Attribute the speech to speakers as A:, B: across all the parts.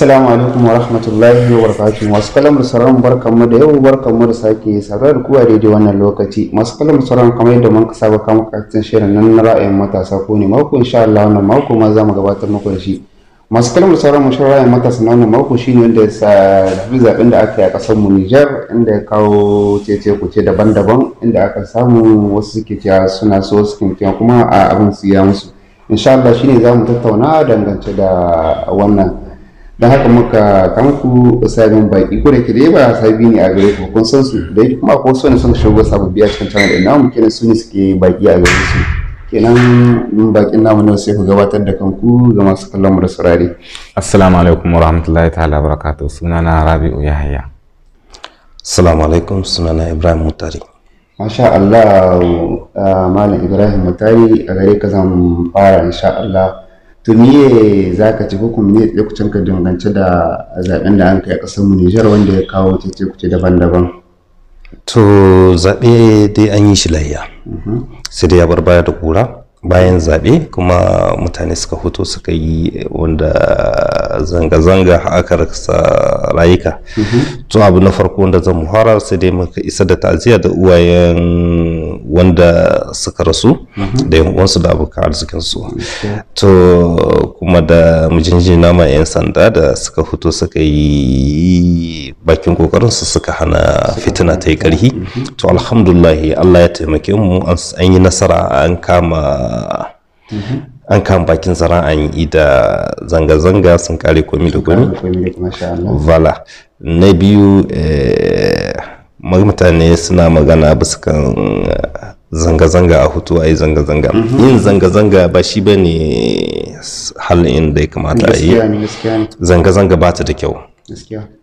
A: Salamu alaikum wa rahmatullahi wa barakatuhu. Masu kalamar sauran barkan mu da yau barkan mu da sake saduwa da kuwa daidai wannan lokaci. Masu kalamar sauran kamar yadda mun saba kama kakacin shirin nan na ra'ayin matasa ko ne mako insha Allah wannan mako ma za mu gabatar muku da shi. Masu kalamar sauran mu ra'ayin matasa na wannan mako shine wanda ya tafi zaben da aka yi a kasar mu Nijar inda ya kawo cece ce daban-daban inda aka samu wasu suke cewa suna so wasu kuma a abin su ya musu. Insha Allah shine za mu tattauna dangance da wannan. Da haka muka kamku sabon baki ko da ke da yaba sabi ne a gare ku kun san su da yake kuma ko sune sun shigo sababbi a cikin channel ɗin namu kenan su ne suke baki a gare su kenan
B: mun bakin namu ne sai ku gabatar da kanku ga masu kallon mu da saurare assalamu alaikum warahmatullahi
C: ta'ala barakatuh sunana Rabi'u Yahaya assalamu alaikum sunana Ibrahim Mutari
A: masha Allah eh, malam Ibrahim Mutari a gare ka zan fara insha Allah to miye za ka ci ko miye tsaye kucin ka dangance da zaben da an kai a ƙasar mu Nijar wanda ya kawo cece kuce daban-daban
C: to zaɓe dai an yi shi layya mhm. sai dai ya bar baya da kura bayan zaɓe kuma mutane suka hoto suka yi wanda zanga-zanga aka rasa rayuka mhm. to abu na farko wanda zan muhara sai dai muka isa da ta'aziyya da uwayen wanda suka rasu mhm. da yan uwansu da abokan arzikinsu to kuma da mijinjina ma 'yan sanda da suka fito suka yi bakin kokarinsu suka hana fitina ta yi karhi mhm. to alhamdulahi allah ya taimake mu an yi nasara an kama mhm. an kan bakin an yi da zanga-zanga sun kare komi da komi vala na biyu eh, mutane suna magana ba su kan eh, zanga-zanga a hutu a yi zanga-zanga mhm. yin zanga-zanga ba shi ba ne halin da ya kamata a yi zanga-zanga ba ta da kyau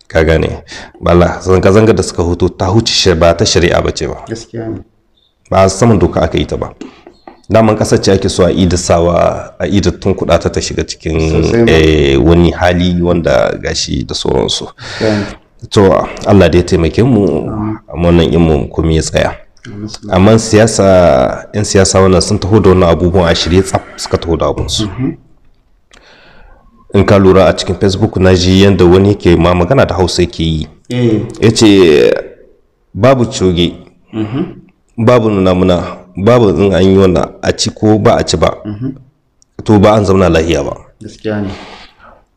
C: ka gane bala zanga-zanga da suka hutu ta huce ba ta shari'a ba ce ba ba saman doka aka yi ta ba daman kasar ce ake so a sawa a tun kuɗa ta shiga cikin eh, wani hali wanda gashi da sauransu to Allah da ya taimake mu wannan imu kuma ya tsaya amma siyasa yan siyasa wannan sun taho da wannan abubuwan a shirye tsaf suka taho da abunsu in ka lura a cikin facebook na ji yadda wani ke ma magana da hausa yake yi eh. ya ce babu coge babu nuna muna babu in an yi wannan a ci ko ba a ci ba to ba an zauna lahiya ba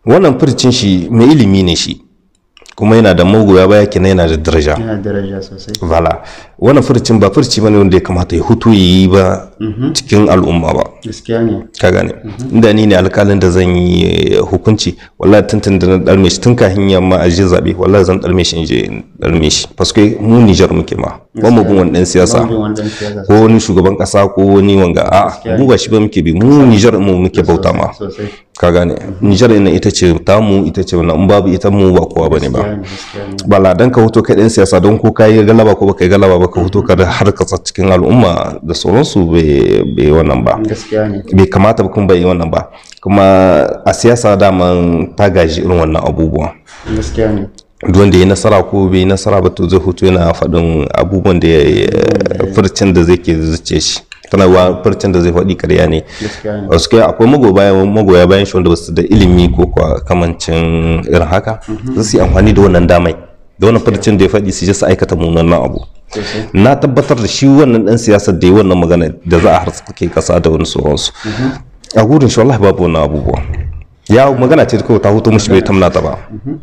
C: wannan furcin shi mai ilimi ne shi kuma yana da ya baya kina yana da daraja yana
A: daraja sosai voilà
C: wannan furcin ba furci bane wanda ya kamata ya hutu yi ba mhm. cikin al'umma ba ne ka gane mhm. inda ni ne alƙalin da zan yi eh, hukunci wallahi tuntun da na dalme shi tun kafin yamma a je zabe wallahi zan dalme shi in je dalme shi paske mu Niger muke ma ba mu bin wani siyasa ko wani shugaban kasa ko wani wanga a mu ba shi ba muke bi mu Niger mu muke bauta ma ka gane mhm. Niger ina ita ce ta mu ita ce wannan babu ita mu ba kowa bane ba ba ladan ka hoto kai dan siyasa don ko kai galaba ko kai galaba ba ka fito ka har ka cikin al'umma da sauransu bai yi wannan ba bai kamata ba kuma bai wannan ba kuma a siyasa daman ta gaji irin wannan abubuwa gaskiya ne wanda ya nasara ko bai nasara ba to zai hoto yana faɗin abubuwan da furcin da zai ke zuce shi tana wa furcin da zai faɗi karya ne wasu kai akwai magoya bayan shi wanda ba su da ilimi ko kamancin irin haka mhm. zai su yi amfani da wannan damai da wannan farcin da ya faɗi su je su aikata munanan abu na tabbatar da shi wannan dan siyasar da ya wannan magana da za a harsuke kasa da wani sauransu mhm. a gurin shi wallahi babu wannan abubuwa ya magana ce kawai ta hoto mushi bai tamna ta ba mhm.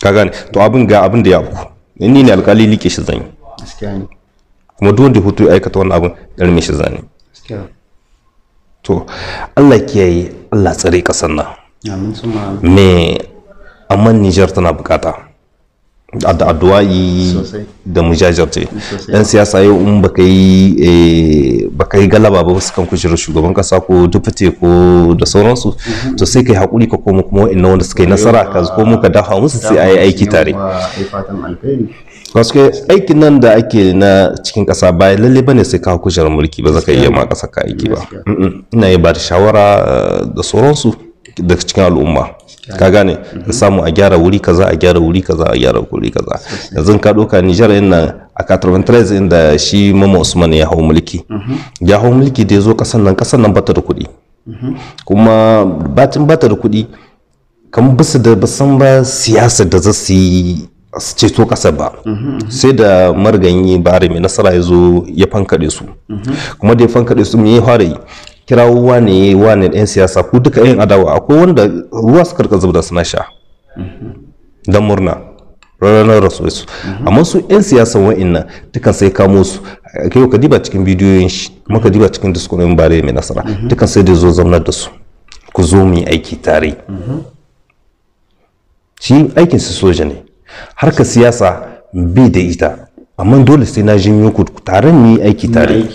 C: ka gane to abin ga abin da ya abu ni ne alƙali like shi zan yi kuma duk wanda hoto ya aikata wannan abin ɗarmi shi zan yi to Allah kiyaye Allah tsare kasar nan me amma Nijar tana bukata da addu'a'i da mujajirce dan siyasa yau in baka yi eh, baka yi galaba ba su kan kujerar shugaban kasa ko dufate ko da sauransu mhm. to sai kai hakuri ka koma kuma wa'annan wanda suka yi nasara ka mu ka dafa musu sai ayi aiki tare wasu aikin nan da ake na cikin kasa ba lalle bane sai ka kujerar mulki ba zaka iya ma kasa ka aiki ba ina yi ba da shawara eh, da sauransu daga cikin al'umma ka gane ka samu a gyara wuri kaza a gyara wuri kaza a gyara wuri kaza yanzu ka doka Nijar yin nan a 93 inda shi Mama Usman ya hau mulki mhm. ya hau mulki da ya zo kasan nan kasan nan bata da kuɗi mhm. kuma batin bata da kuɗi kan basu da basan ba siyasa da za su yi ceto kasa ba mhm. sai da marganyi bare mai nasara ya zo ya fankaɗe su kuma da ya fankaɗe su me yi fara yi kirawo wane wane yan siyasa ko duka yan adawa akwai wanda ruwa suka karka zubda suna sha mhm. don murna ranar rasu su mhm. amma su yan siyasan wa'annan dukan sai kamo su kai ka diba cikin bidiyoyin shi kuma ka diba cikin diskunin bare mai nasara mhm. dukan sai da zo zaunar da su ku zo mu yi aiki tare shi aikin su soja ne harkar siyasa bi da ita amma dole sai na jinyo ku tare ni aiki tare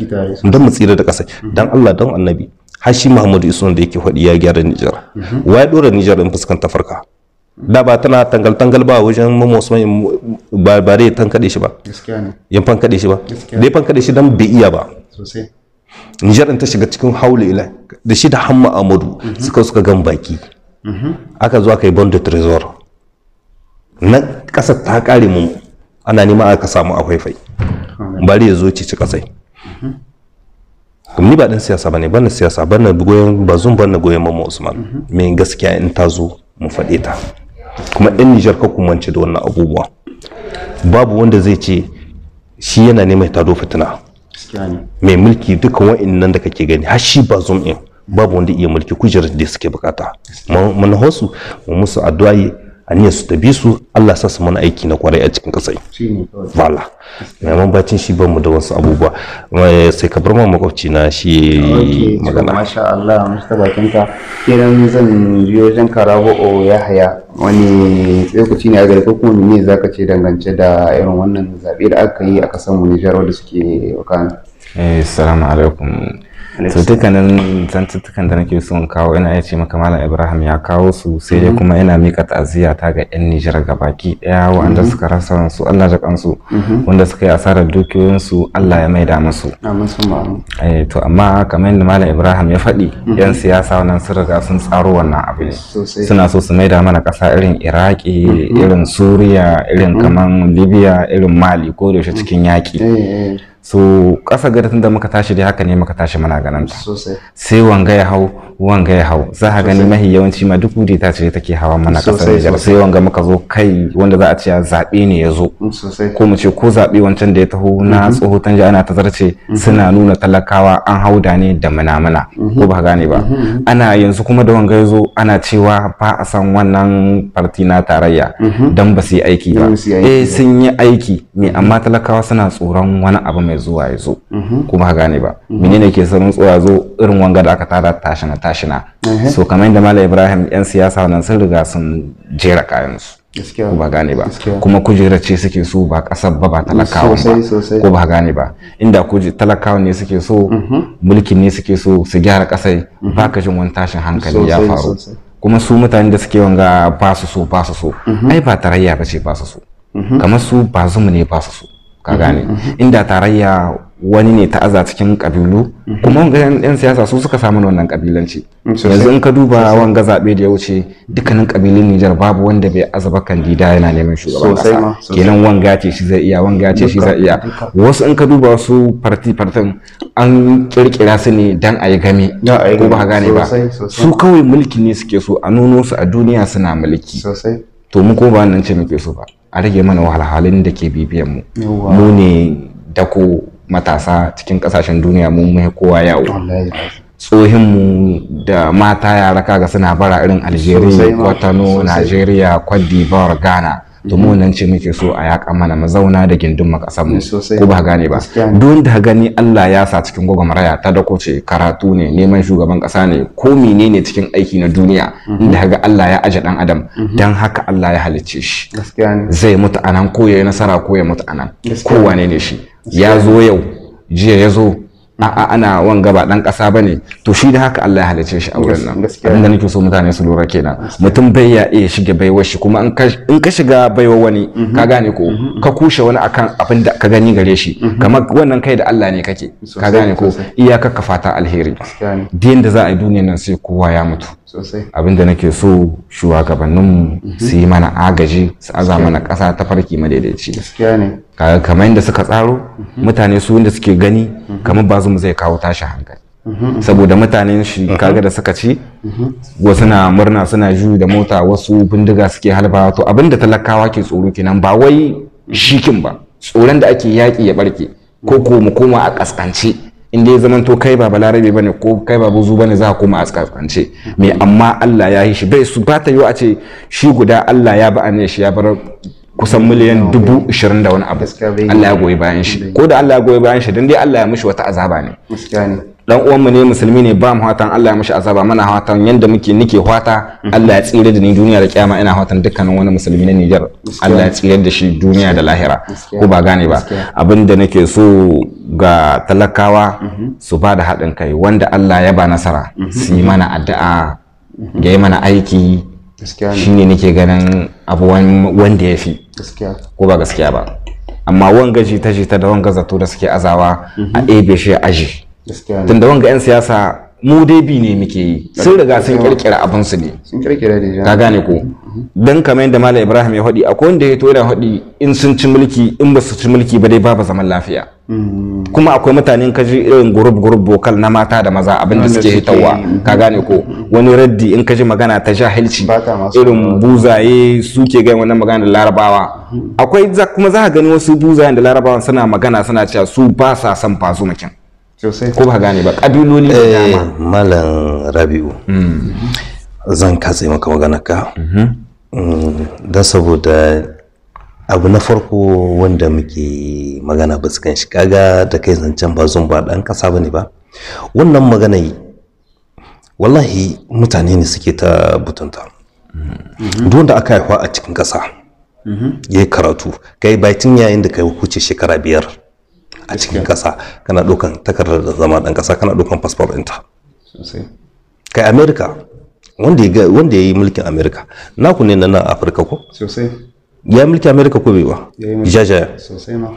C: don mu tsira da ƙasa mm-hmm. dan Allah dan annabi Hashi Muhammadu Usman da yake faɗi ya gyara Nijar mm-hmm. wai dora Nijar in fuskanta farka da ba tana tangal tangal ba wajen Mamman Usman ba ba dai kade shi ba gaskiya ne yan kade shi ba dai kade shi dan bai iya ba sosai Nijar ta shiga cikin haula ila da shi da Hamma Amadu mm-hmm. suka suka gan baki aka zo aka yi bond trésor na kasa ta kare mu ana nema aka samu a faifai bari ya zo ci ci kasai ni ba dan siyasa bane ban siyasa ban goyon bazun ban goyon mamu usman me gaskiya in ta zo mu faɗe ta kuma ɗan nijar ka kumance da wannan abubuwa babu wanda zai ce shi yana neman do fitina mai mulki duka wa'annan da kake gani har shi bazum babu wanda iya mulki kujerar da suke bukata mun hosu mu musu addu'a aniyar su ta su Allah sa su mana aiki na kwarai a cikin kasai wala maimakon bacin shi ban mu da wasu abubuwa eh, sai ka bar ma makwabci na shi magana masha Allah musta bakin ka kiran zan biyo jan kara o ya haya wani
A: tsokaci ne a gari ko kuma ne zaka ce dangance da irin wannan zabe da aka yi a kasar mu Nijar
B: wanda suke wakana eh assalamu alaikum to dukkanin zantuttukan da nake son kawo ina ya ce maka malam ibrahim ya kawo su sai dai kuma ina mika ta'aziyya ta ga yan nijar ga baki daya wanda suka rasa su allah ya kansu mhm. wanda suka yi asarar dukiyoyin su allah ya maida musu eh to amma kamar yadda malam ibrahim ya faɗi yan mhm. siyasa wannan sun riga sun tsaro wannan abu ne suna so su maida mana kasa irin iraki mhm. irin suriya irin kaman libya irin mali ko da cikin yaƙi eh, eh. so ƙasa gada tunda muka tashi dai haka ne muka tashi muna ganin ta sai wanga ya hau wanga ya hau za a gani mahi yawanci ma duk ta ce take hawa mana ƙasar Nijar sai wanga muka zo kai wanda za a ce zaɓe ne ya zo ko mu ce ko zaɓe wancan da ya taho na mhm. tsoho tanja ana ta zarce mhm. suna nuna talakawa an hau da ne da munamuna mhm. ko ba gane ba ana yanzu kuma da wanga ya zo ana cewa ba a san wannan farti na tarayya dan ba su aiki ba eh sun yi aiki ne amma talakawa suna tsoron wani abu mai zuwa ya zo mhm. kuma gane ba mhm. menene ke saurin ya zo irin wanga da aka tada tashina tashina mhm. so kamar yadda malam ibrahim yan siyasa nan sun riga sun jera kayan su ba gane ba kuma kujera ce suke so ba kasar ba ba talakawa
A: ba ko ba
B: gane ba inda kuje talakawa ne suke so mulkin ne suke so su gyara kasai ba ka jin wani tashin hankali ya faru kuma su mutane da suke wanga ba su so ba su so ai ba tarayya ba ce ba su so kamar su ba zumu ne ba su so ka gane mhm. inda tarayya wani ne ta'aza cikin kabilu mhm. kuma yan siyasa su suka samu wannan kabilanci mm, yanzu in ka duba wanga zaɓe da ya wuce dukkanin kabilun Nijar babu wanda bai azaba kandida yana neman shugaban kasa kenan wanga ce shi zai iya wanga ce shi zai iya wasu in ka duba su farti fartin an kirkira su ne dan a yi game ko ba gane ba su kawai mulki ne suke so a nuno su a duniya suna mulki to mu ko ba nan ce muke so ba a rage mana wahalhalun da ke bibiyan mu mu ne ko matasa cikin kasashen duniya mun mai kowa yawo tsohin mu da mata yara kaga suna bara irin Algeria, Kwatano, Nigeria, Ghana domin wannan ce muke so a yaƙa mana mu zauna da gindin mu ƙasar mu eh, ko ba gane ba don da gani Allah ya sa cikin gwagwarmaya ta dako ce karatu ne neman shugaban ƙasa ne ko menene cikin aiki na duniya mhm. inda ga Allah ya aje dan adam mhm. dan haka Allah ya halicce shi zai mutu anan ko ya nasara ko ya mutu anan wane ne shi ya zo yau jiya ya zo a'a ana wanga ba dan kasa bane to shi da haka Allah ya halice shi a wurin nan abinda nake so mutane su lura kenan mutum bai ya iya shige baiwar shi kuma in ka shiga baiwar wani mhm. ka gane ko mhm. ka kushe wani akan abinda ka gani gare shi mhm. kamar wannan kai da Allah ne kake ka gane ko iyaka ka fata alheri din da za a yi duniyar nan sai kowa ya mutu abinda nake so shugabanninmu su yi mana agaji su aza mana kasa ta farki madaidaici gaskiya ne kamar yadda suka tsaro mhm. mutane su wanda suke gani mhm. kamar ba mu zai kawo tashi hankali
A: mhm. saboda
B: mutane shi kaga da suka ci wasu na murna suna juyu da mota wasu bindiga suke halba to abin da talakawa ke tsoro kenan ba wai shikin ba tsoron da ake yaƙi ya barke ko ko mu koma a kaskance inda ya zaman to kai ba balarabe bane ko kai ba buzu bane za a koma a kaskance me amma Allah ya yi shi bai su ba ta yiwu a ce shi guda Allah ya ba ne shi ya bar kusan miliyan dubu ishirin da wani abu Allah ya goyi bayan shi ko da Allah ya goyi bayan shi don dai Allah ya mishi wata azaba ne dan uwanmu ne musulmi ne ba mu hatan Allah ya mishi azaba mana hatan yanda muke nike hata mhm. Allah ya tsire da ni duniya da kiyama ina hatan dukkanin wani musulmi na Niger Allah ya tsire da shi duniya da lahira ko ba gane ba abin da nake so ga talakawa mhm. su ba da haɗin kai wanda Allah ya ba nasara mhm. su yi mana addu'a ga yi mana aiki shine nake ganin abu wanda ya fi ko ba gaskiya ba amma wanga ji ta da wanga zato da suke azawa a mhm. ebe shi aji tunda wanga yan siyasa mu dai bi ne muke yi sun riga sun kirkira abin su ne sun kirkira ne ka gane ko dan kamar yadda malam ibrahim ya haɗi akwai wanda ya to yana haɗi in sun ci mulki in ba su ci mulki ba dai babu zaman lafiya kuma akwai mutane ka ji irin gurub gurub bokal na mata da maza abin da suke hitawa ka gane ko wani raddi in ka ji magana ta jahilci irin buzaye suke gani wannan magana da larabawa akwai kuma za ka gani wasu buzayen da larabawa suna magana suna cewa su ba sa son fazo makin ko ba gane ba
C: kabiloni da eh, dama malam rabi'u hmm. zan katse maka ka. Mm-hmm. Mm, don saboda abu na farko wanda muke magana ba su kan shi kaga da kai zancen ba zon ba ɗan ƙasa ba ne ba wannan magana wallahi mutane ne suke ta butunta mm-hmm. duk wanda aka haifa a cikin ƙasa mm-hmm. ya yi karatu kai baitin yayin da kai huce shekara biyar a cikin ƙasa kana ɗaukan takardar da zama ɗan ƙasa kana ɗaukan fasfar ɗinta kai Amerika. wanda ya wanda ya yi mulkin america naku ne na nan afirka ko sosai ya mulki america ko bai ba jajaya sosai ma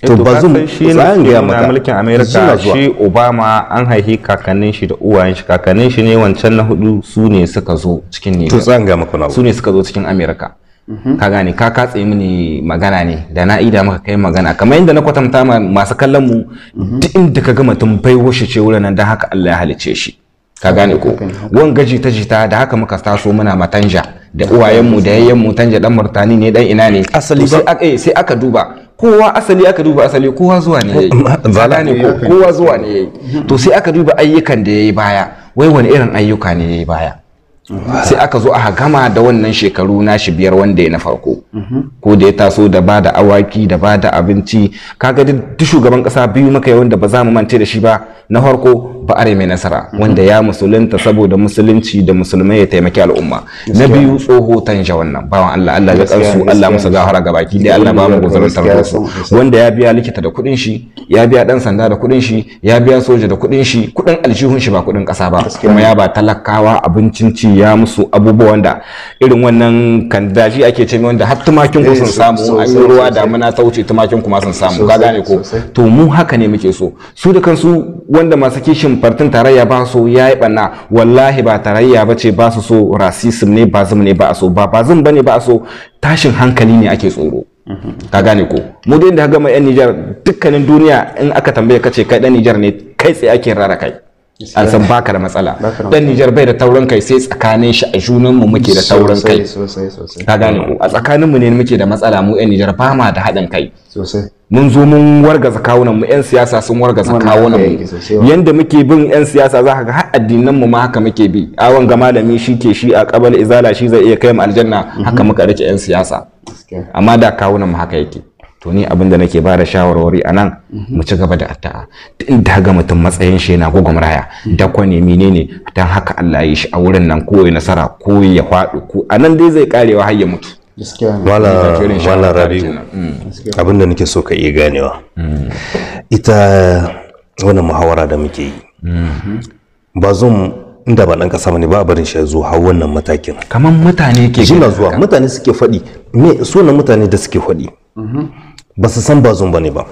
C: eh, to ba zan
A: shi
B: ne gaya maka mulkin america shi obama an haihi kakannin shi da uwayen shi kakannin shi ne wancan na hudu su ne suka zo cikin ne to tsan ga maka su ne suka zo cikin america mhm. ka gane ka katse mini magana ne da na ida maka kai magana kamar yadda na kwatanta masu kallon mu mhm. duk inda ka gama tun bai shi ce wurin nan don haka Allah ya halice shi ka gane ko wan gaji ta jita da haka muka taso muna matanja da uwayenmu da yayyenmu tanja dan murtani ne dan ina ne asali eh, sai aka duba kowa asali aka duba asali kowa zuwa ne yayi zala ne kowa zuwa ne yayi to sai aka duba ayyukan da yayi baya wai wani irin ayyuka ne yayi baya sai aka zo aka gama da wannan shekaru na shi biyar wanda ya na farko mhm. ko da ya taso da ba da awaki da ba da abinci kaga duk shugaban kasa biyu maka yi wanda ba za mu mance da shi ba na farko ba are mai nasara mhm. wanda ya musulunta saboda musulunci da musulmai ya taimaki al'umma na biyu tsoho tanja wannan bawan Allah Allah ya kansu Allah musu gafara ga baki dai Allah ba mu guzarin tarko wanda ya biya likita da kuɗin shi ya biya dan sanda da kuɗin shi ya biya soja da kuɗin shi kuɗin aljihun shi ba kuɗin kasa ba kuma ya ba talakawa abincin ci sanya musu abubuwan da irin wannan kandaji ake ce mai wanda har tumakin ku sun eh, samu an yi ruwa muna ta wuce tumakin ku ma sun samu ka gane ko to mu haka ne muke so su da kansu wanda masu kishin fartin tarayya ba so ya yi banna wallahi ba tarayya ba ce ba su so rasisim ne ba zum ne ba a so ba ba zum bane ba a so tashin hankali ne ake tsoro ka gane ko mu da mai yan Nijar dukkanin duniya in aka tambaye kace kai dan Nijar ne kai tsaye ake rara kai an san baka da matsala dan Nijar bai da taurin kai sai tsakanin shi a junan mu muke da taurin kai ka gane ko a tsakanin mu ne muke da matsala mu yan Nijar ba ma da haɗin kai mun zo mun wargaza kawunan mu yan siyasa sun wargaza kawunan mu yanda muke bin yan siyasa za ga har addinan mu ma haka muke bi awon ga malami shi ke shi a kabal izala shi zai iya kai mu aljanna mhm. haka muka rike yan siyasa amma da kawunan mu haka yake to ni abin da nake bada shawarwari a nan mu ci gaba da addu'a in ta ga mutum matsayin shi yana raya da kwane menene dan haka Allah ya yi shi a wurin nan ko nasara ko ya faɗo ko a nan dai zai karewa har ya mutu
A: wala wala rabi
C: abin da nake so ka iya ganewa mm. ita wannan muhawara da muke yi mm-hmm. ba zan inda ba dan kasa ne ba barin shi zuwa har wannan matakin kamar mutane ke gina zuwa mutane suke faɗi me sunan mutane da suke faɗi mm-hmm. ba su san bazon ba ne ba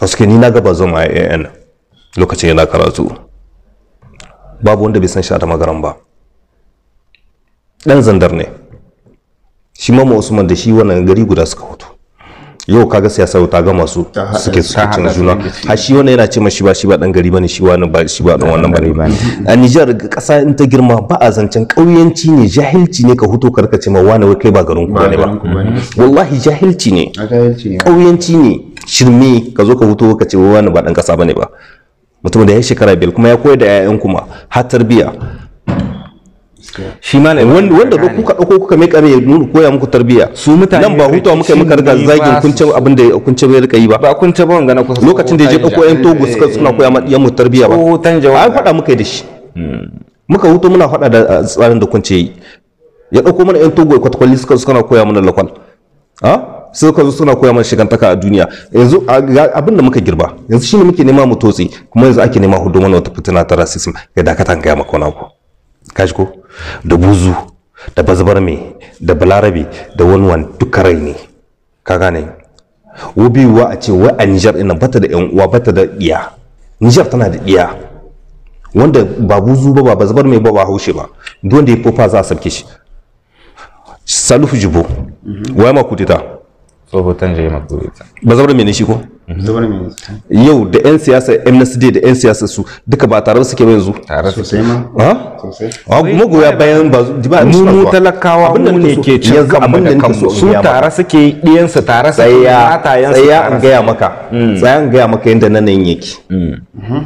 C: aske ni na ga bazon a yan lokacin yana karatu babu wanda bai san shi a magaran ba ɗan zandar ne shi mama usman da shi wannan gari guda suka hutu yau kaga siyasa ta ga masu suke cin juna har shi wannan yana ce ma shi ba shi ba dan gari bane shi wannan ba shi ba dan wannan bane a Niger kasa in ta girma ba a zancen kauyanci ne jahilci ne ka huto karka ce ma wani wai kai ba garin ku bane ba wallahi jahilci ne kauyanci ne shirme ka zo ka huto ka ce wani ba dan kasa bane ba mutum da ya shekara biyar kuma ya koyar da 'ya'yan kuma har tarbiyya shi ne wanda ba kuka dauko kuka mai kame nuru koya muku tarbiya su mutane nan ba hutawa muka muka riga zagin kunce abin da kunce bai rika yi ba ba kunce ba wanga na kusa lokacin da ya je dauko yan togo suka suna koya ma yan mu tarbiya ba an faɗa muka da shi hmm. muka huto muna faɗa da ah, tsarin da kunce yi ya dauko mana yan togo kwatkwali suka suna koya mana lakwal a suka zo suna koya mana shigantaka a duniya yanzu ah, abin da muka girba yanzu shine muke nema mu totsi kuma yanzu ake nema hudu mana wata fitina ta rasism ga dakatan ga maka wani abu kaji ko da buzu da bazbarme da balarabe da wanwan duka rai ne ka gane wubiwa a ce wai a nijar ina bata da yan uwa bata da iya nijar tana da iya wanda ba buzu ba ba bazabar mai ba ba haushe ba duk wanda ya fofa za a sabke shi salufu jibo mhm. wai ma kuteta tsohotan je ma kuteta mai ne shi ko yau da 'yan siyasa mnsd da 'yan siyasa su duka ba tare suke ba yanzu tare sosai ma sosai magoya bayan ba mu mu talakawa mu ne ke cin kanmu da kanmu su tare
B: suke ɗiyansa tare suke matayensa tsaya an gaya maka
C: mm. tsaya an gaya maka yadda nan yake mm. mhm.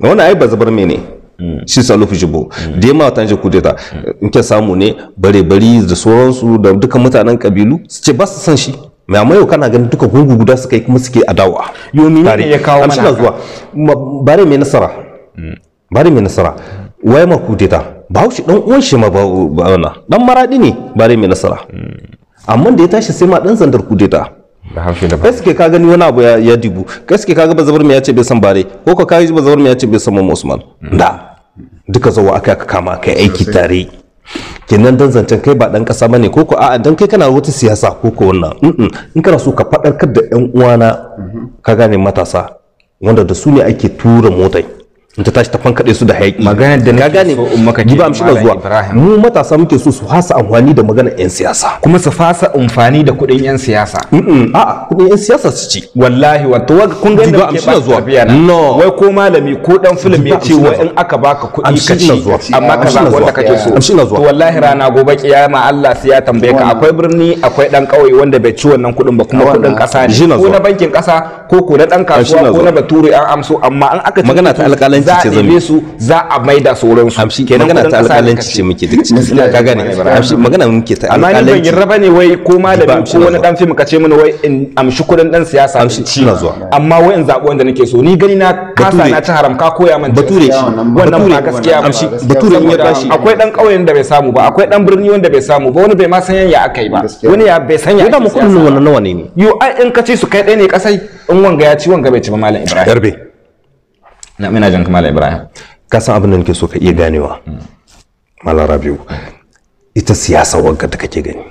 C: wannan ai ba zabar mene ne mm. shi salufu jibo da ya mata shi kudeta in ke samu ne bare bari da sauransu da duka mutanen kabilu su ce ba su san shi mai amma yau kana ganin duka gungu guda suka yi kuma suke dawa yomi ne ya kawo mana amshi zuwa bare mai nasara mm. bare mai nasara waye ma kudeta shi dan uwan shi ma ba wala dan maradi ne bare mai nasara mm. amma da ya tashi sai ma dan zandar kudeta gaske ka gani wani abu ya dibu gaske ka ga bazabar mai ya ce bai san bare ko ka kai bazabar mai ya ce bai san mu Usman mm. da duka zawo aka kama kai aiki tare kenan dan zancen kai ba dan kasa bane ko ko a'a dan kai kana wata siyasa ko ko wannan in kana so ka faɗarkar da yan uwana ka gane matasa wanda da su ne ake tura motai ta tashi ta fankaɗe su da hayaƙi magana da na gane ba ji ba amshi zuwa mu matasa muke so su fasa amfani da magana yan siyasa kuma su fasa amfani da
B: kuɗin yan siyasa
C: a'a kuɗin yan siyasa su ci wallahi
B: wa to kun ga da amshi zuwa no wai ko malami ko dan film ya ce wa in aka baka kuɗi ka ci amma ka ba wanda kake so amshi zuwa to wallahi rana gobe kiyama Allah sai ya tambaye ka akwai birni akwai dan kauye wanda bai ci wannan kuɗin ba kuma kuɗin ƙasa ne ko na bankin ƙasa ko ko na dan kasuwa ko na bature an amso amma an aka ci magana ta alƙalai za a ɗebe su za a maida sauran su kenan magana ta alƙalanci ce muke duk cikin suna ka gane amshi magana muke ta alƙalanci amma ni ban yarda bane wai ko malami ko wani dan fim ka ce mini wai in amshi kudin dan siyasa amshi ci na zuwa amma wai in zaɓi wanda nake so ni gani na kasa na ci haram ka koya min bature shi wannan ba gaskiya amshi bature in ya tashi akwai dan ƙauyen da bai samu ba akwai dan birni wanda bai samu ba wani bai ma san yanya akai ba wani ya bai san yanya ya da mu kudin
C: wannan nawa ne ne
B: yo ai in ka ci su kai ɗaya ne kasai in wanga ya ci wanga bai ci ba malam
C: ibrahim na ina jin kamala ibrahim ka san abin da nake so ka iya ganewa mala rabiu ita siyasa wanka da kake gani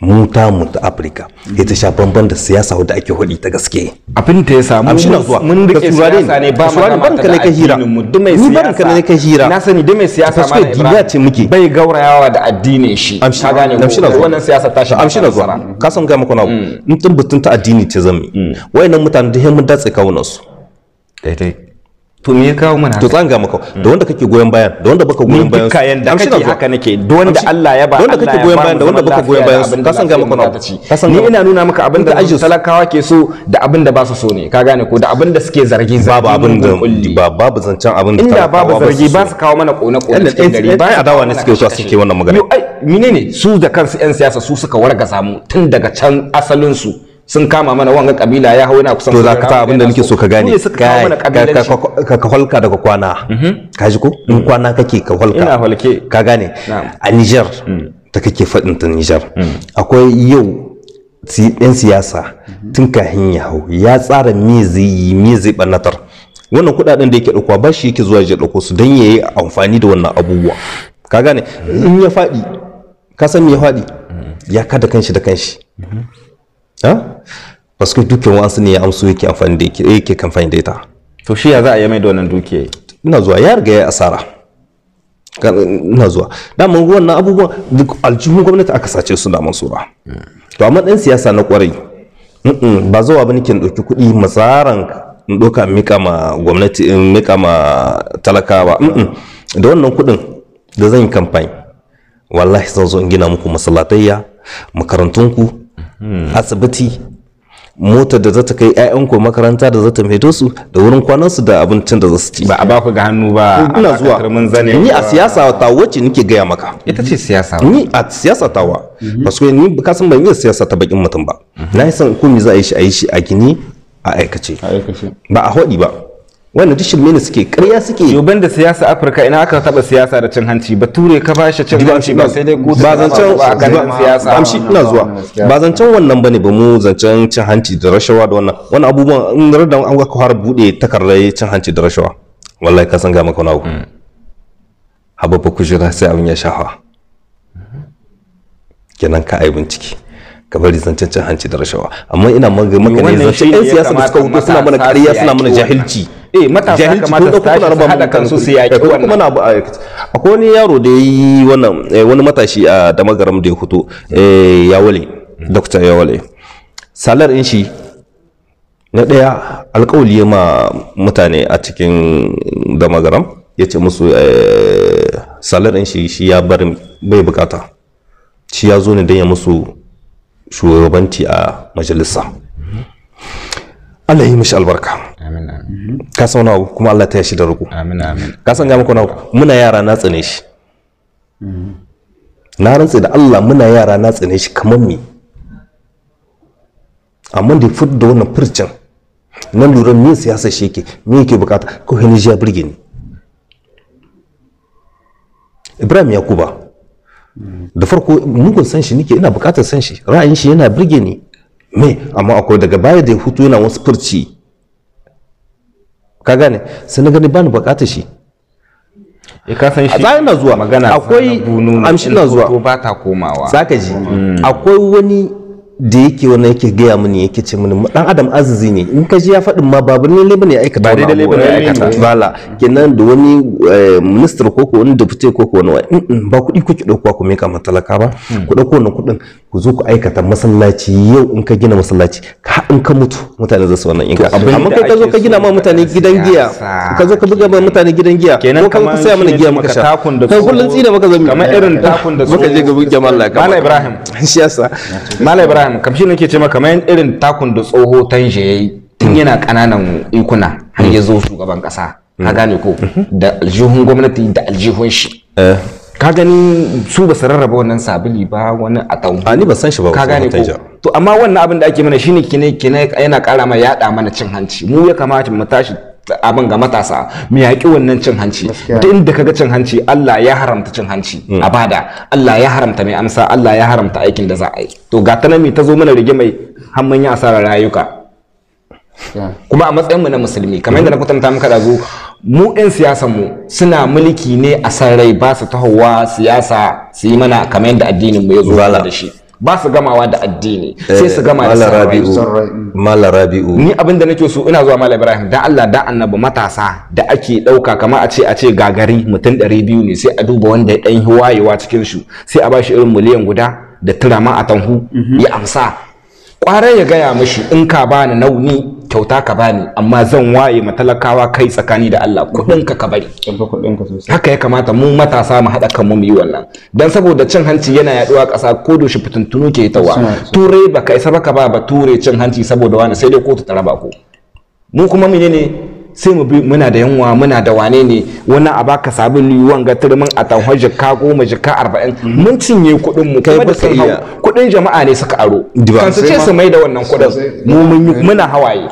C: mu ta mu ta afirka ita sha bamban da siyasa wanda ake hudi ta gaske abin da ya samu zuwa mun da siyasa ne ba ma ban ka ne ka hira ni ban ka ne ka hira na sani da mai siyasa ma ne ba ce muke bai gaurayawa da addinin shi ka gane ko wannan siyasa ta shi amshi na zuwa ka san ga muku na mm. in tun butun ta addini ce zami mm. wayannan mutane da mun datse kawunan su daidai to me ya kawo mana to tsanga maka da wanda kake goyon bayan da wanda baka goyon bayan dukkan yanda kake haka nake da wanda Allah ya ba wanda kake goyon bayan da wanda baka goyon bayan ka san ga maka na ni ina nuna
B: maka abin da ajin talakawa ke so da abin da ba su so ne ka gane ko da abin da suke zargi zargi babu abin da babu zancen abin da inda babu zargi ba su kawo mana kone kone cikin eh, gari eh, ba ya dawa ne suke so suke wannan magana menene su da kansu yan siyasa su suka warga zamu tun daga can asalin su sun kama mana wanga kabila ya hau yana kusan to za ka ta abin da nake so ka gane
C: ka holka daga kwana mhm. ka ji ko in mhm. kwana kake ka holka ina holke ka gane a Niger ta mhm. kake faɗin ta Niger akwai yau ɗan siyasa tun kahin ya hau ya tsara me zai yi me zai banatar. wannan kuɗaɗen da yake ɗaukowa ba shi yake zuwa ya ɗauko su don yayi amfani da wannan abubuwa ka gane in ya faɗi ka san me ya faɗi ya kada kanshi da kanshi parce su dukkan wasu ne ya amsu yake amfani da yake kamfani da ita to shi ya za a yi mai da wannan dukiya ina zuwa ya riga ya asara ina zuwa daman wannan abubuwan duk aljihun gwamnati aka sace su da su ba to amma dan siyasa na kwarai ba zuwa bane kin dauki kuɗi masaran in doka mika ma gwamnati in mika ma talakawa da wannan kuɗin da zan yi kamfani wallahi zan zo in gina muku masallatayya makarantunku asibiti motar da za ta kai 'ya'yanku makaranta da za ta maido su da wurin kwanansu da abincin da za su ci ba a ba ku ga hannu ba eh, ina zuwa ni a siyasa ta wacce nake gaya maka ita ce siyasa ni a siyasa ta wa mhm. basu ni ka san ban yi siyasa ta bakin mutum ba mhm. na yi san ko me za a yi shi a yi shi a gini a aikace ba a hodi ba wannan duk shirme ne suke ƙarya suke yoban da siyasa afirka ina
B: aka taba siyasa da cin hanci ba ture ka bashi cin hanci ba sai dai ko ba zancen siyasa amshi ina zuwa ba
C: zancen wannan bane ba mu zancen cin hanci da rashawa da wannan wannan abubuwan in rarda an ga har bude takardar cin hanci da rashawa wallahi ka san ga maka haba ba ku jira sai abin ya shafa kenan ka ai bincike ka bari zancen hanci da rashawa amma ina maka ne zancen yan siyasa da suka hudu suna mana kariya suna mana jahilci eh matasa kamata su tashi su hada kansu su yaƙi wannan muna ba akwai wani yaro da yi wannan eh, wani matashi a damagaram da ya fito eh, yawale dokta yawale salar in shi na ɗaya alƙawali ma mutane a cikin damagaram ya ce musu eh, salar in shi shi ya bar bai bukata shi ya zo ne don ya musu shugabanci a majalisa Allah yi mishi albarka amin amin ka san abu kuma Allah ta yashi da ruku amin amin ka san ga muku na muna yara na tsane shi na rantse da Allah muna yara na tsane shi kamar me amma da fit da wannan furcin na lura me siyasa shi yake me yake bukata ko hinji ya burge ni Ibrahim Yakuba da farko mugun san shi nike ina bukatar san shi ra'ayin shi yana birge ni me amma akwai daga baya da ya hutu yana wasu furci ka gane sai na gani bani bukatar shi e ka san shi na zuwa magana akwai amshi na zuwa ba
B: ta komawa zaka
C: ji mm. akwai wani da yake wannan yake gaya mini yake ce mini dan adam azizi ne in ka ji ya faɗin ma babu ne bane ya aikata ba ne ya aikata bala kenan da wani eh, minister koko wani deputy ko ko wani ba kuɗi kuke ɗauka ku meka matalaka ba hmm. ku ɗauko wannan kuɗin ku zo ku aikata masallaci yau in ka gina masallaci ka in ka mutu mutane za su wannan in ka amma kai ka zo ka gina ma mutane gidan giya ka zo ka buga ma mutane gidan giya ko ka saya mana giya muka sha kai kullun tsina maka zami kamar irin takun da su muka je gaban jama'a Allah ya Ibrahim
B: shi yasa Malam Ibrahim malam kamshi nake ce maka kamar irin takun da tsoho tanje yayi tun yana kananan ikuna har ya zo shugaban kasa ka gane ko da aljihun gwamnati da aljihun shi eh. ka gani su ba su rarraba wannan sabili ba wani a taun a ni ba san shi ba ka gane ko to amma wannan abin da ake mana shine kine kine yana kara ma yada mana cin hanci mu ya kamata mu tashi abin ga matasa mu yaƙi wannan cin hanci duk inda kaga cin hanci Allah ya haramta cin hanci mm. a bada Allah ya haramta mai amsa Allah ya haramta aikin da za a yi to ga ta ta zo mana rige mai hamman ya asarar rayuka kuma a matsayin mu na musulmi kamar yadda na kwatanta muka da zo mu ɗin siyasan mu suna mulki ne a san rai ba su tahowa siyasa su yi mana kamar yadda addinin mu ya zo da shi ba su gamawa da addini sai eh, su gama da sarrafi
C: rabi'u ni abinda nake
B: so ina zuwa mala ibrahim dan Allah da annabi matasa da ake dauka kamar a ce a ce gagari mutum biyu ne sai a duba wanda ya dan wayewa cikin su sai a bashi irin miliyan guda da turama a tanhu ya amsa Kwarai ya gaya mashi in ka bani nauni kyauta ka bani amma zan waye matalakawa kai tsakani da Allah kudin ka ka bari haka ya kamata mu matasa mu haɗa kanmu mu yi wannan dan saboda cin hanci yana yaduwa ƙasa ko doshi fitintunu ke tawa ture baka isa baka ba ba ture cin hanci saboda wani sai dai kotu ta raba ko. mu kuma menene sai mu bi muna da yanwa muna da wane ne wani a baka yiwuwan ga turmin a tanhwa jika goma jika arba'in mun cinye kuɗin mu kuma da sun hau kuɗin jama'a ne suka aro kan su ce su mai da wannan kuɗin mu mun muna hawaye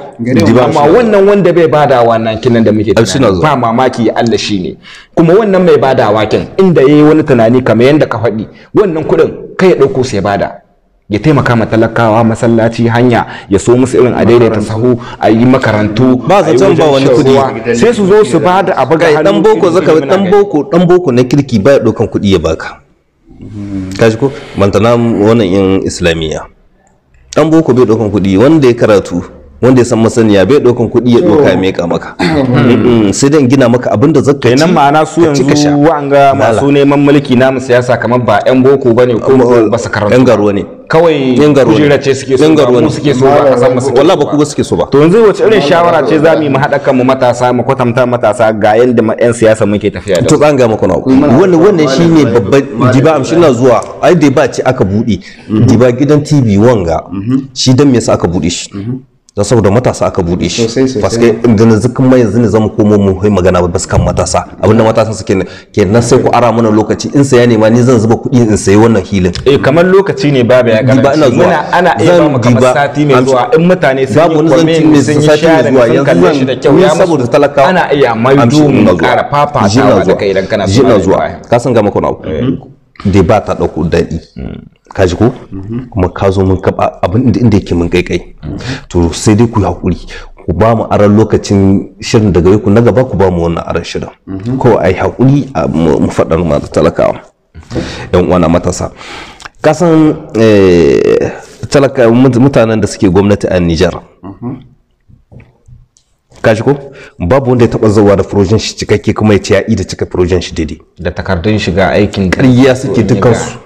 B: amma wannan wanda bai bada nan kinan da muke tunani ba mamaki Allah shi ne kuma wannan mai bada wakin inda yayi wani tunani kamar yanda ka faɗi wannan kuɗin kai ya ɗauko sai bada ya taimaka ma talakawa masallaci hanya ya so musu irin a daidaita sahu a yi
C: makarantu ba zaton ba wani kudi sai
B: su zo su bada abu ga dan boko zaka dan boko
C: dan boko na kirki ba ya dokan kudi ya baka kaji ko mantana wannan yin islamiyya dan boko bai dokan kudi wanda ya karatu wanda ya san masaniya bai dokan kuɗi ya doka ya meka maka sai dan gina maka abin da zaka ci ma'ana su yanzu wa'anga masu
B: neman mulki namu siyasa kamar ba yan boko bane ko ba su karanta yan garuwa ne kawai kujera ce suke so ba mu suke so ba kasan mu suke
C: wallahi ba ku suke so ba to yanzu wace irin shawara ce za mu yi mu haɗa
B: kanmu matasa mu kwatanta matasa ga yanda yan siyasa muke tafiya da to zan ga
C: muku na wannan wannan shine babban diba shi na zuwa ai da ba ce aka buɗe mhm. diba gidan TV wanga mhm. shi dan me yasa aka buɗe shi mhm. don saboda matasa aka bude shi paske da zikin mai yanzu ne zama komo mu kai magana ba kan matasa abinda matasan suke na sai ku ara mana lokaci in saya ne ma ni zan zuba kuɗi in sayi wannan hilin eh kamar lokaci ne babu ya gana ana zuwa ana iya ba mu kamar sati mai zuwa in mutane sun yi kwamin sun yi share zuwa yanzu shi da kyau ya saboda talaka ana iya mai dumin ƙara fafatawa da kai idan kana zuwa ka san ga maka na da ba ta ɗauko daɗi kaji ko kuma ka zo mun kaba abin inda yake mun kaikai to sai dai ku hakuri ku ba mu aran lokacin shirin daga ku na gaba ku ba mu wannan aran shirin ko ai hakuri mu faɗar ma talakawa yan uwana matasa kasan eh, talaka mutanen da suke gwamnati a Nijar kashi ko babu wanda ya taba zuwa da furojin shi cikakke kuma ya ce ya ida cika furojin shi daidai da takardun shiga aikin ƙarya suke dukkan su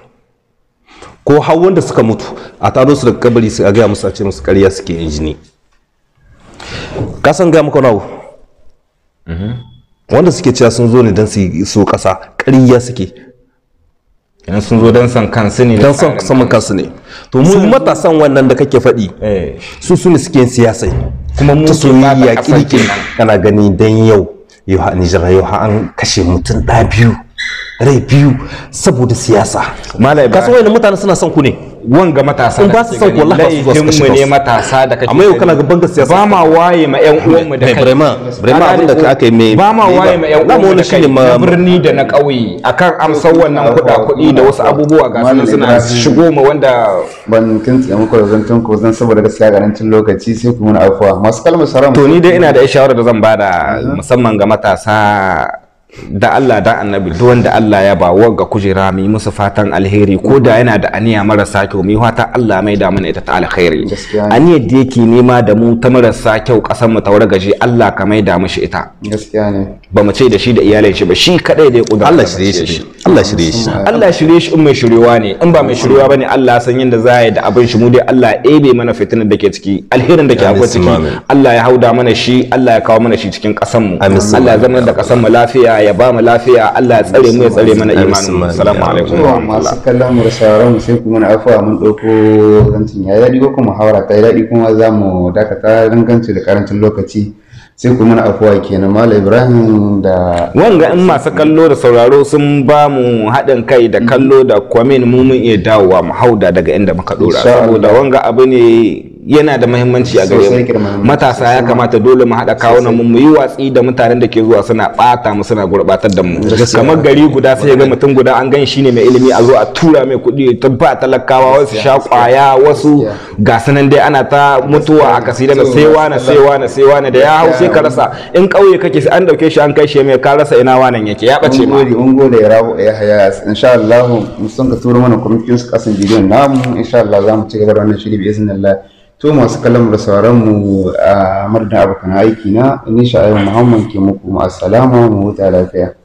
C: ko har wanda suka mutu a taro su daga kabari su a gaya musu a ce musu ƙarya suke injini ka san gaya muka nawo mm-hmm. wanda suke cewa sun zo ne don su so ƙasa ƙarya suke idan sun zo don san kansu ne don san saman kansu ne to mu matasan wannan da kake faɗi eh. su su ne suke siyasai kuma mun soyayya kirkin kana gani dan yau yau an Nijar yau an kashe mutum ɗa biyu rai biyu saboda siyasa malam ka so mutane suna son ku ne wanga matasa da ba su sauki wallahi ba su zuwa ne
B: matasa da kake amma yau kana gaban siyasa ba ma waye ma ƴan uwan mu da kai brema brema abin da aka yi mai ba ma waye ma ƴan uwan da kai na birni da na ƙauye akan amsar wannan kuɗa kuɗi da wasu abubuwa ga su suna shigo ma wanda
A: ban kin tsaya muku da zantun ko zan saboda gaskiya garantin lokaci sai ku mun afuwa masu kalmar saram to ni dai ina da
B: shawara da zan bada musamman ga matasa da Allah da annabi duk wanda Allah ya ba ga kujera mu musu fatan alheri ko da yana da aniya marasa kyau mu fata Allah mai da mana ita ta alheri aniya da yake nema da mu ta marasa kyau kasan mu ta wargaje Allah ka mai da mushi ita gaskiya ne ba mu ce da shi da iyalin shi ba shi kadai da ya kudura
C: Allah shirye shi Allah shirye shi
B: Allah shirye shi in mai shiryewa ne in ba mai shiryewa bane Allah san yanda za ya da abin shi mu dai Allah ebe mana fitinar da ke ciki alherin da ke akwai ciki Allah ya hauda mana shi Allah ya kawo mana shi cikin kasan mu Allah ya zama da kasan mu lafiya ya ba mu lafiya Allah ya tsare mu ya tsare mana imanin mu assalamu alaikum wa rahmatullah masu
A: kallon mu sauraron mu sai kuma na afuwa mun dauko zancin ya dadi ko kuma hawara ta dadi kuma za mu dakata danganci da karancin lokaci sai kuma na afuwa kenan mala ibrahim da
B: wanga in masu kallo da sauraro sun ba mu haɗin kai da kallo da kwamin mu mun iya dawowa mu hauda daga inda muka dora saboda wanga abu ne yana da mahimmanci a gare matasa ya kamata dole mu haɗa kawunan mu yi watsi da mutanen da ke zuwa suna ɓata mu suna gurɓatar da mu kamar gari guda sai ga mutum guda an gan shi ne mai ilimi a zo a tura mai kuɗi ta ba talakawa wasu sha kwaya wasu ga sanan dai ana ta mutuwa a kasida na sai wani sai wani sai wani da ya hau sai ka rasa in ƙauye kake sai an dauke shi an kai shi mai ka rasa ina wanan yake ya bace ma
A: mun gode eh, ya rabu ya haya insha Allah mun san ka tura mana kuma kin su kasan bidiyon namu insha Allah za mu ci gaba da wannan shiri bi iznillah to masu kalam da sauran mu a murna abokan aiki na ni sha'ayin muhammad ke muku assalamu mu huta lafiya